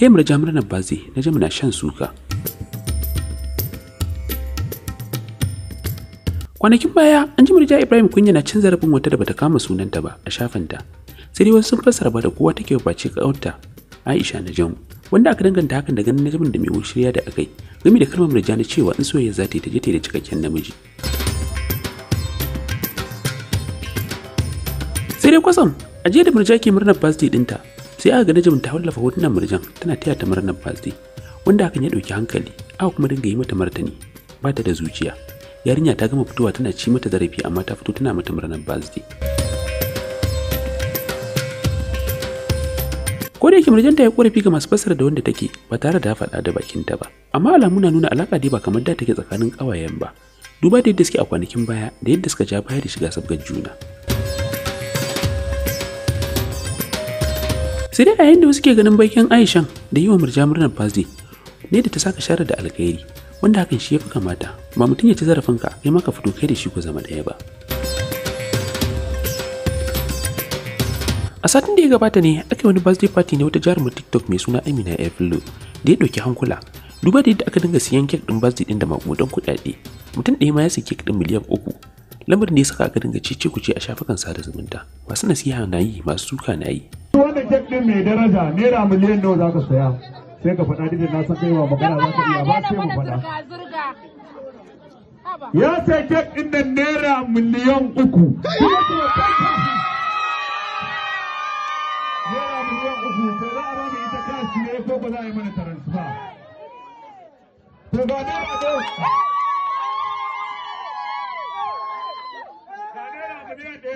ta yi murja murnar bazi na ji muna shan suka kwanakin baya an ji murja ibrahim kunya na cin zarafin wata da bata kama sunanta ba a shafinta sai dai wasu sun fassara ba da kowa take bace kaunta aisha na jamu wanda aka danganta hakan da ganin najimin da mai shirya da akai game da kalmar murja na cewa in soyayya za ta yi ta je ta da cikakken namiji sai dai kwatsam a jiya da murja ke murnar birthday dinta sai aka ga najmin ta wallafa hotunan murjan tana taya ta murnar birthday wanda hakan ya dauki hankali aka kuma dinga yi mata martani ba ta da zuciya yarinya ta gama fitowa tana ci mata zarafi amma ta fito tana mata murnar basde. ko da yake ta ya korafi ga masu fassara da wanda take ba tare da faɗa da bakinta ba amma alamu na nuna alaƙa dai ba kamar da take tsakanin ƙawayen ba duba da yadda suke a kwanakin baya da yadda suka ja baya da shiga sabgar juna sai dai a yayin da wasu ke ganin bakin aishan da yi wa murja murnar fasde ne da ta saka share da alkhairi wanda hakan shi ya fi kamata ba mutum ya ci zarafinka kai maka fito kai da shi ku zama ɗaya ba a satin da ya gabata ne aka wani birthday party na wata jarumar tiktok mai suna amina efillo da ya ɗauki hankula duba da yadda aka dinga siyan kek din birthday din da maƙudan kuɗaɗe mutum ɗaya ma ya sayi kek din miliyan uku lamarin da ya saka aka dinga cece kuce a shafukan sada zumunta masu nasiha na yi masu suka na yi yanzu wannan kek din mai daraja naira miliyan nawa za ka saya sai ka faɗa dinin na san kaiwa magana za ka iya ba sai mu faɗa ya sai kek din nan naira miliyan uku naira miliyan uku sai za a ba mu ita kashi ne ko ba za a yi mana taransifa.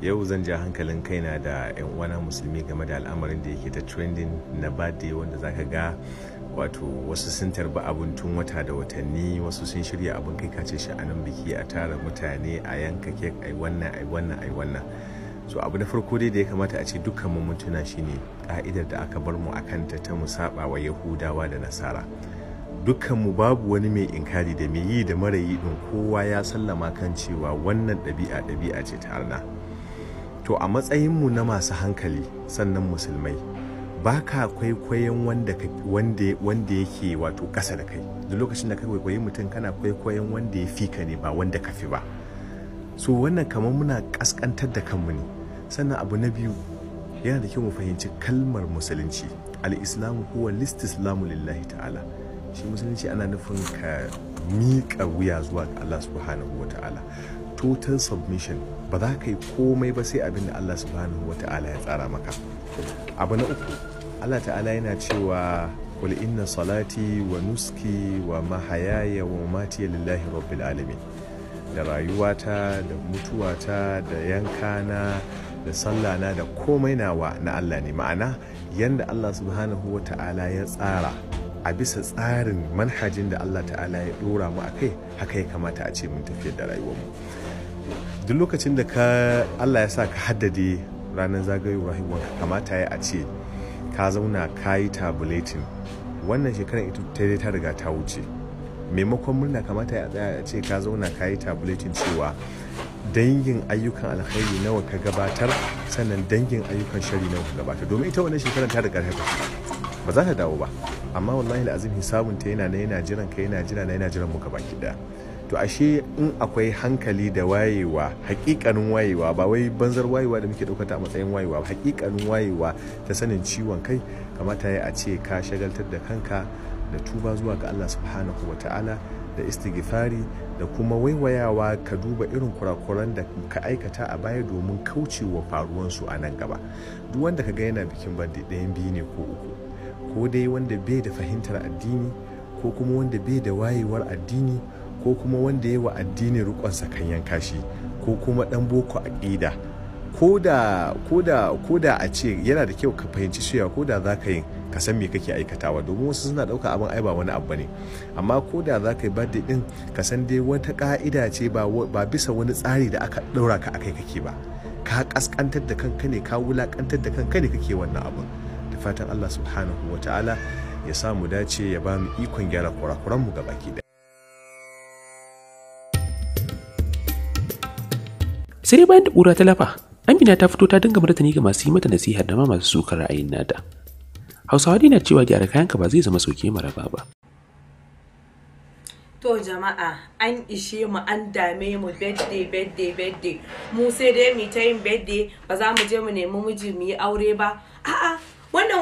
yau zan ja hankalin kaina da 'yan uwana musulmi game da al'amarin da yake ta trending na birthday wanda zaka ga wato wasu sun tarbi abun tun wata da watanni wasu sun shirya abun kai kace sha'anin biki a tara mutane a yanka kek ai wannan ai wannan ai wannan so abu na farko dai da ya kamata a ce dukkan mu mutuna shine ka'idar da aka bar mu akan ta ta musaba wa yahudawa da nasara dukkan mu babu wani mai inkari da mai yi da marayi din kowa ya sallama kan cewa wannan ɗabi'a ɗabi'a ce ta Allah to a matsayinmu na masu hankali sannan musulmai ba ka kwaikwayon wanda yake wato ƙasa da kai da lokacin da ka kwaikwayi mutum kana kwaikwayon wanda ya fi ka ne ba wanda ka fi ba so wannan kamar muna ƙasƙantar da kanmu ne sannan abu na biyu yana da kyau mu fahimci kalmar musulunci al-islamu huwa listislamu lillahi ta'ala shi musulunci ana nufin ka miƙa wuya zuwa ga Allah subhanahu wa ta'ala total submission ba za ka yi komai ba sai abin da Allah subhanahu wata'ala ya tsara maka abu na uku Allah ta'ala yana cewa qul inna salati wa nuski wa mahayaya wa mati lillahi rabbil alamin da rayuwata da mutuwata da yankana da sallana da komai nawa na Allah ne ma'ana yanda Allah subhanahu ta'ala ya tsara a bisa tsarin manhajin da Allah ta'ala ya dora mu a kai haka ya kamata a ce mun tafiyar da rayuwarmu duk lokacin da ka allah ya sa ka haddade ranar zagayowar haihuwanka kamata ya a ce ka zauna ka yi tabulatin wannan shekarar ita ta dai ta riga ta wuce maimakon murna kamata ya tsaya a ce ka zauna ka yi tabulatin cewa dangin ayyukan alkhairi nawa ka gabatar sannan dangin ayyukan shari nawa ka gabatar domin ita wannan shekarar ta riga ta ba za ta dawo ba amma wallahi da azumi ta yana na yana jiran ka yana jira na yana jiran mu baki daya to ashe in akwai hankali da wayewa hakikanin wayewa ba wai banzar wayewa da muke ɗaukata a matsayin wayewa ba hakikanin wayewa ta sanin ciwon kai kamata ya a ce ka shagaltar da kanka da tuba zuwa ga Allah subhanahu wa ta'ala da istighfari da kuma waiwayawa ka duba irin kurakuran da ka aikata a baya domin kaucewa faruwansu a nan gaba duk wanda ka ga yana bikin bandi ɗayan biyu ne ko uku ko dai wanda bai da fahimtar addini ko kuma wanda bai da wayewar addini ko kuma wanda ya wa addini rukon sakan shi ko kuma dan boko ƙida ko da a ce yana da kyau ka fahimci cewa ko da za ka yi ka san me kake aikatawa domin wasu suna ɗauka abin ai ba wani abu ne amma ko da za ka yi birthday din ka san dai wata ka'ida ce ba bisa wani tsari da aka ɗaura ka akai kake ba ka kaskantar da kanka ne ka wulakantar da kanka ne kake wannan abin da fatan Allah subhanahu wa ta'ala ya samu dace ya ba mu ikon gyara kurakuranmu ga baki sai dai bayan da ƙura ta lafa amina ta fito ta dinga martani ga masu yi mata nasiha da ma masu sukar ra'ayin nata hausawa dai na cewa gyara kayanka ba zai zama sauke maraba ba To jama'a an ishe mu an dame mu birthday birthday birthday mu sai dai mu ta yin birthday ba za mu je mu nemi miji mu yi aure ba a'a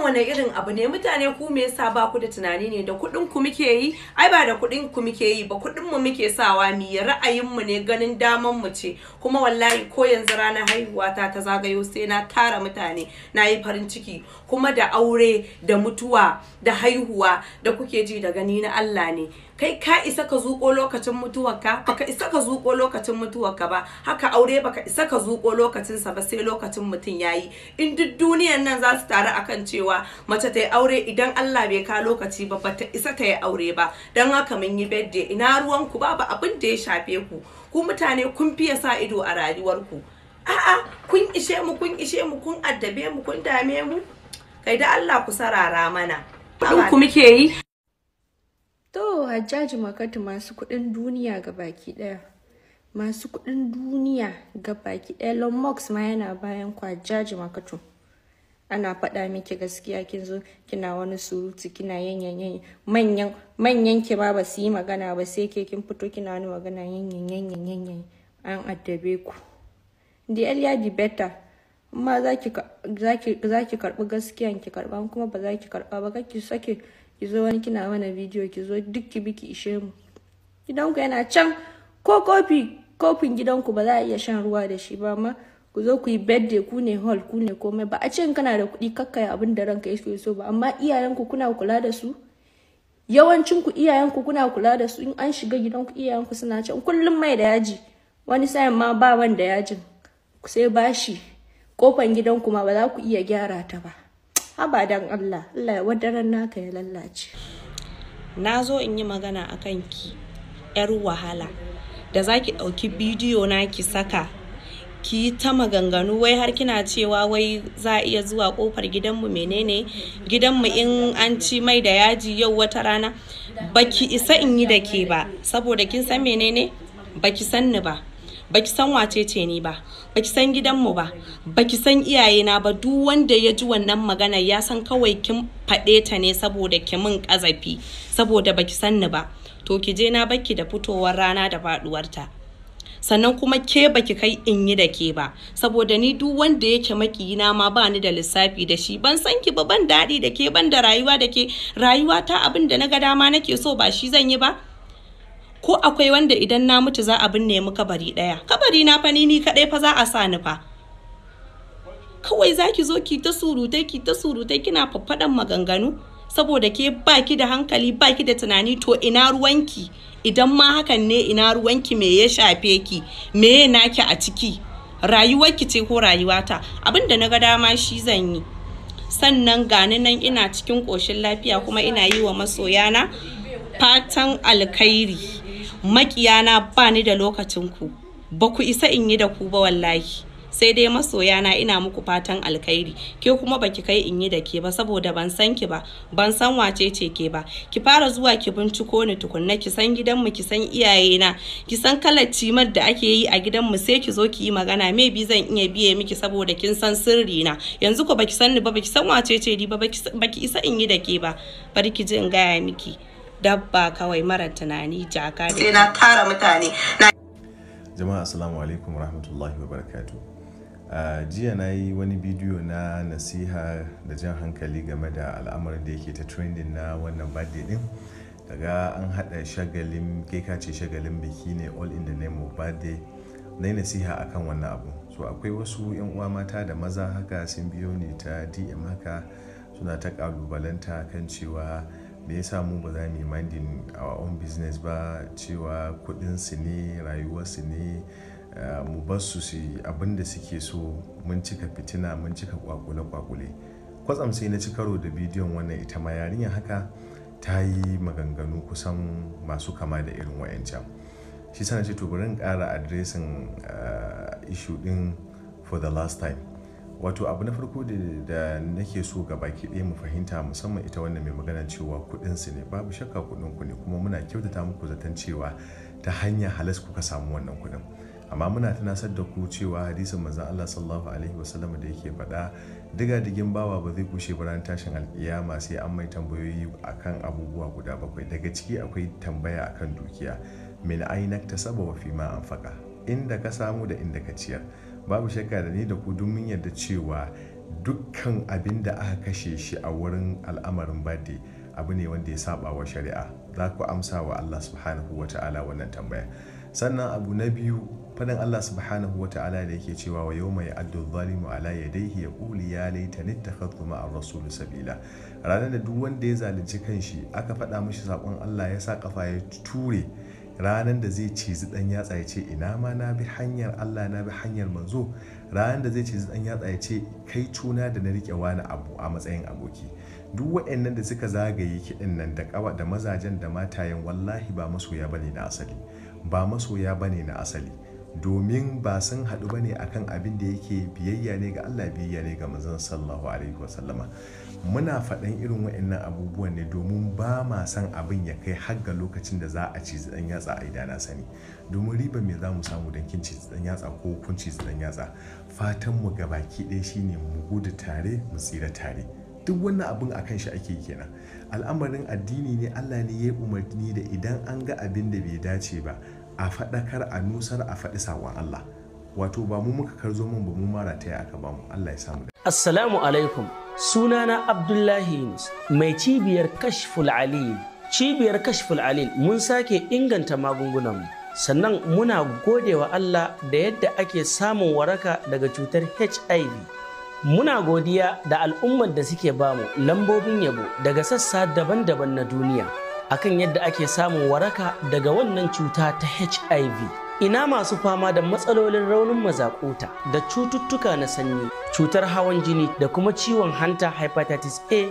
wani irin abu ne mutane ku me yasa ba ku da tunani ne da kuɗin ku muke yi ai ba da kuɗin ku muke yi ba kuɗin mu muke sawa mi ra'ayin mu ne ganin daman mu ce kuma wallahi ko yanzu rana haihuwa ta ta zagayo sai na tara mutane nayi farin ciki kuma da aure da mutuwa da haihuwa da kuke ji da gani na Allah ne kai ka isa ka zuƙo lokacin mutuwarka baka isa ka zuƙo lokacin mutuwarka ba haka aure baka isa ka zuƙo lokacin sa ba sai lokacin mutum yayi in duk duniyar nan za su taru akan cewa mace ta yi aure idan Allah bai ka lokaci ba bata isa ta yi aure ba dan haka mun yi birthday ina ruwan ku babu abin da ya shafe ku ku mutane kun fiye sa ido a rayuwar rayuwarku a'a kun ishe mu kun ishe mu kun addabe mu kun dame mu kai da Allah ku sarara mana ku muke yi To, hajjaji makatu masu kuɗin duniya ga baki ɗaya. Masu kuɗin duniya ga baki ɗaya. Elon Musk ma yana bayan ku hajjaji makatu. Ana faɗa miki gaskiya kin zo kina wani surutu kina yanyan manyan manyan ki ma ba su yi magana ba sai ke kin fito kina wani magana yanyan yanyan yanyan an addabe ku. The earlier the better. Amma za ki karɓi gaskiyan ki karɓa kuma ba za ki karɓa ba kake sake ki zo wani kina mana bidiyo ki zo duk ki biki ishe mu gidanku yana can ko kofi kofin gidanku ba za a iya shan ruwa da shi ba amma ku zo ku yi birthday ku ne hall ku ne komai ba a ce kana da kuɗi kakkaya abin da ranka yake so ba amma iyayenku kuna kula da su yawancin ku iyayenku kuna kula da su in an shiga gidanku iyayenku suna can kullum mai da yaji wani sayan ma ba wanda yajin sai bashi kofan gidanku ma ba za ku iya gyara ta ba haba dan Allah Allah wadaran naka ya lallace na zo in yi magana a kanki yar wahala da za ki ɗauki bidiyo na ki saka ki ta maganganu wai har kina cewa wai za a iya zuwa kofar gidanmu menene gidanmu in an ci mai da yaji yau wata rana baki isa in yi da ke ba saboda kin san menene baki san ni ba baki san wace ce ni ba baki san gidanmu ba baki san iyaye na ba duk wanda ya ji wannan magana ya san kawai kin faɗe ta ne saboda ki min kazafi saboda baki san ni ba to ki je na baki da fitowar rana da faduwarta sannan kuma ke baki kai in yi da ke ba saboda ni duk wanda yake makiyina ma ba ni da lissafi da shi ban san ki ba ban daɗi da ke ban da rayuwa da ke rayuwa ta abin na ga dama nake so ba shi zan yi ba ko akwai wanda idan na mutu za a binne mu kabari ɗaya kabari na fa ni ni kaɗai fa za a sa ni fa kawai za ki zo ki ta surutai ki ta surutai kina faffaɗan maganganu saboda ke baki da hankali baki da tunani to ina ruwanki idan ma hakan ne ina ruwanki me ya shafe ki me ya naki a ciki rayuwarki ce ko rayuwata abin da na ga dama shi zan yi sannan gani nan ina cikin koshin lafiya kuma ina yi wa masoyana fatan alkhairi makiyana ba ni da lokacin ku ba ku isa in yi da ku ba wallahi sai dai masoyana ina muku fatan alkhairi ke kuma baki kai in yi da ke ba saboda ban san ki ba ban san wace ce ke ba ki fara zuwa ki binciko ni tukunna ki san gidanmu ki san na ki san kalar cimar da ake yi a gidanmu sai ki zo ki yi magana me bi zan iya biye miki saboda kin san sirri na yanzu ko baki san ni ba baki san wace ce ni ba baki isa in yi da ke ba bari ki ji in gaya miki dabba kawai mara tunani jaka da na tara mutane jama'a assalamu alaikum rahmatullahi wa barakatu jiya na yi wani bidiyo na nasiha da jan hankali game da al'amarin da yake ta trending na wannan birthday din daga an hada shagalin kai ka ce shagalin biki ne all in the name of birthday na yi nasiha akan wannan abu so akwai wasu yan uwa mata da maza haka sun biyo ne ta dm haka suna ta kalubalanta kan cewa me yasa mu ba za mu yi minding a own business ba cewa kudinsu ne rayuwarsu ne eh, mu bar su su abin suke so mun cika fitina mun cika kwakule-kwakule kwatsam sai na ci karo da bidiyon wannan ita ma yarinya haka ta yi maganganu kusan masu kama da irin wayancan shi sana ce to bari in ƙara adresin ishu din for the last time wato abu na farko da nake so ga baki ɗaya mu fahimta musamman ita wannan mai magana cewa su ne babu shakka kuɗin ku ne kuma muna kyautata muku zaton cewa ta hanyar halas kuka samu wannan kuɗin amma muna tunasar da ku cewa hadisin manzon Allah sallallahu alaihi wasallam da yake faɗa diga digin bawa ba zai kushe ba tashin alƙiyama sai an mai tambayoyi akan abubuwa guda bakwai daga ciki akwai tambaya akan dukiya min ainak tasaba fi ma anfaqa inda ka samu da inda ka ciyar babu shakka da ni da ku domin mun yarda cewa dukkan abin da aka kashe shi a wurin al'amarin bade abu ne wanda ya saba wa shari'a za ku amsa wa Allah subhanahu wa ta'ala wannan tambaya sannan abu na biyu fadin Allah subhanahu wa ta'ala da yake cewa wa yau mai addu zalimu ala yadayhi ya quli ya laitani takhadtu ma'a rasul sabila ranar da duk wanda ya zalunci kanshi aka faɗa mishi saƙon Allah ya sa kafa ya ture ranar da zai cizi dan yatsa ya ce ina ma na bi hanyar Allah na bi hanyar manzo ranar da zai cizi dan yatsa ya ce kai tuna da na rike wani abu a matsayin aboki duk waɗannan da suka zagaye kiɗin nan da kawa da mazajen da matayen wallahi ba masoya bane na asali ba masoya bane na asali domin ba sun haɗu ba ne akan abin da yake biyayya ne ga Allah biyayya ne ga manzon sallallahu alaihi muna faɗan irin wa'annan abubuwan ne domin ba ma san abin ya kai har ga lokacin da za a ci zidan yatsa a idana sani domin riba me za mu samu don kin ci zidan yatsa ko kun ci dan yatsa fatan mu ga baki ɗaya shine mu gudu tare mu tsira tare duk wannan abin akan shi ake kenan al'amarin addini ne Allah ne ya umarni da idan an ga abin da bai dace ba a faɗakar a nusar a faɗi saƙon Allah wato ba mu muka karzo mun ba mu mara ta aka ba mu Allah ya samu assalamu alaikum sunana abdullahi yunus mai cibiyar kashful alil cibiyar kashful alil mun sake inganta magungunan mu sannan muna godewa Allah da yadda ake samun waraka daga cutar HIV muna godiya da al'ummar da suke bamu lambobin yabo daga sassa daban-daban na duniya akan yadda ake samun waraka daga wannan cuta ta HIV. Ina masu fama da matsalolin raunin mazakuta da cututtuka na sanyi, cutar hawan jini da kuma ciwon hanta hepatitis A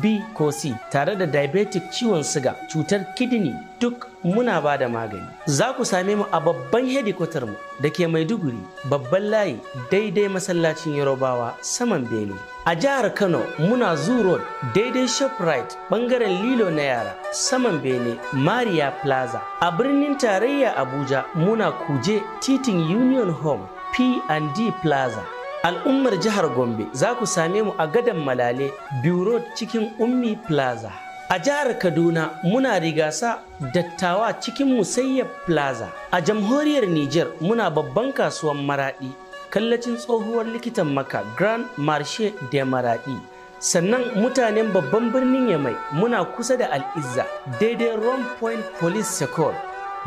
b ko c tare da diabetic ciwon siga cutar kidney duk muna ba da magani za ku same mu a babban hedikwatar mu da ke maiduguri babban layi daidai masallacin yarobawa saman bene a jihar kano muna zoo road daidai shoprite bangaren lilo na yara saman bene maria plaza a birnin tarayya abuja muna kuje titin union home p&d plaza al'ummar jihar gombe za ku same mu a gadon malale biro cikin ummi plaza a jihar kaduna muna rigasa dattawa cikin musayyar plaza a jamhuriyar niger muna babban kasuwan maradi kallacin tsohuwar likitan maka grand marche de maradi sannan mutanen babban birnin yamai muna kusa da al'izza daidai rome point police secor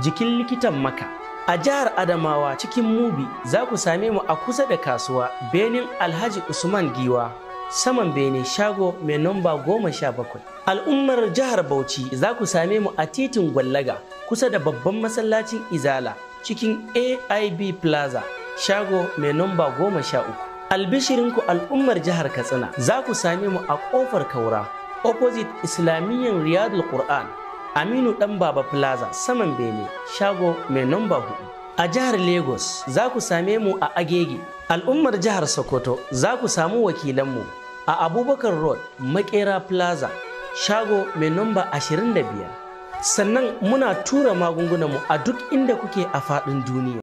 jikin likitan maka A jihar Adamawa cikin Mubi za ku same mu a kusa da kasuwa Benin Alhaji Usman Giwa saman bene shago mai namba goma sha bakwai. Al'ummar jihar Bauchi za ku same mu a titin Gwallaga kusa da babban masallacin Izala cikin AIB Plaza shago mai namba goma sha uku. Albishirinku al'ummar jihar Katsina za ku same mu a ƙofar Kaura opposite Islamiyyar Riyadul Qur'an aminu dan baba plaza saman bene shago mai namba hudu a jihar lagos za ku same mu a agege al'ummar jihar sokoto za ku samu wakilanmu a abubakar road makera plaza shago mai namba 25 sannan muna tura magungunanmu a duk inda kuke a faɗin duniya